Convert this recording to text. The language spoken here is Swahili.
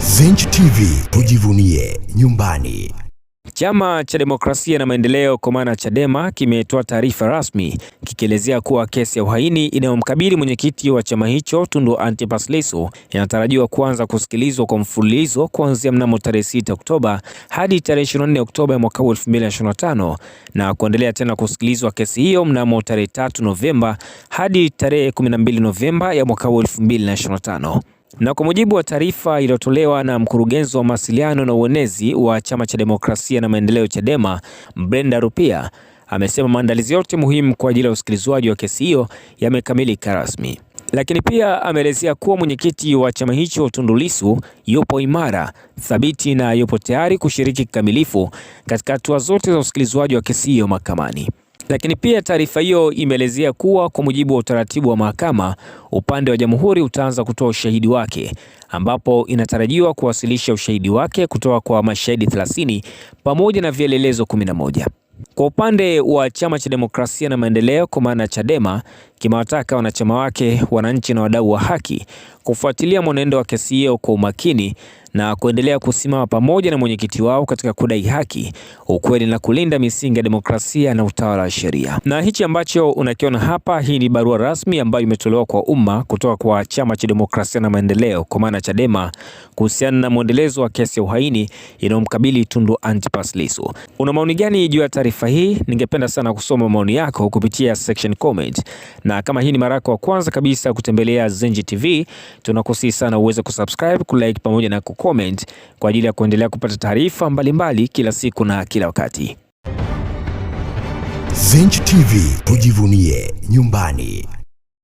Zenj TV tujivunie nyumbani. Chama cha Demokrasia na Maendeleo kwa maana Chadema kimetoa taarifa rasmi kikielezea kuwa kesi ya uhaini inayomkabili mwenyekiti wa chama hicho Tundu Antipas Lissu inatarajiwa kuanza kusikilizwa kwa mfululizo kuanzia mnamo tarehe 6 Oktoba hadi tarehe 24 Oktoba mwaka 2025 na kuendelea tena kusikilizwa kesi hiyo mnamo tarehe 3 Novemba hadi tarehe 12 Novemba ya mwaka 2025. Na kwa mujibu wa taarifa iliyotolewa na mkurugenzi wa mawasiliano na uenezi wa chama cha demokrasia na maendeleo Chadema, Brenda Rupia amesema maandalizi yote muhimu kwa ajili ya usikilizwaji wa kesi hiyo yamekamilika rasmi, lakini pia ameelezea kuwa mwenyekiti wa chama hicho Tundu Lissu yupo imara, thabiti na yupo tayari kushiriki kikamilifu katika hatua zote za usikilizwaji wa kesi hiyo mahakamani. Lakini pia taarifa hiyo imeelezea kuwa kwa mujibu wa utaratibu wa mahakama, upande wa jamhuri utaanza kutoa ushahidi wake, ambapo inatarajiwa kuwasilisha ushahidi wake kutoka kwa mashahidi 30 pamoja na vielelezo 11. Kwa upande wa chama cha demokrasia na maendeleo kwa maana Chadema, kimewataka wanachama wake, wananchi na wadau wa haki kufuatilia mwenendo wa kesi hiyo kwa umakini na kuendelea kusimama pamoja na mwenyekiti wao katika kudai haki, ukweli na kulinda misingi ya demokrasia na utawala wa sheria. Na hichi ambacho unakiona hapa, hii ni barua rasmi ambayo imetolewa kwa umma kutoka kwa Chama cha Demokrasia na Maendeleo, kwa maana Chadema, kuhusiana na mwendelezo wa kesi ya uhaini inayomkabili Tundu Antipas Lissu. Una maoni gani juu ya taarifa hii? Ningependa sana kusoma maoni yako kupitia section comment na kama hii ni mara yako ya kwanza kabisa kutembelea Zenji TV, tunakusihi sana uweze kusubscribe, kulike pamoja na kucomment kwa ajili ya kuendelea kupata taarifa mbalimbali kila siku na kila wakati. Zenji TV, tujivunie nyumbani.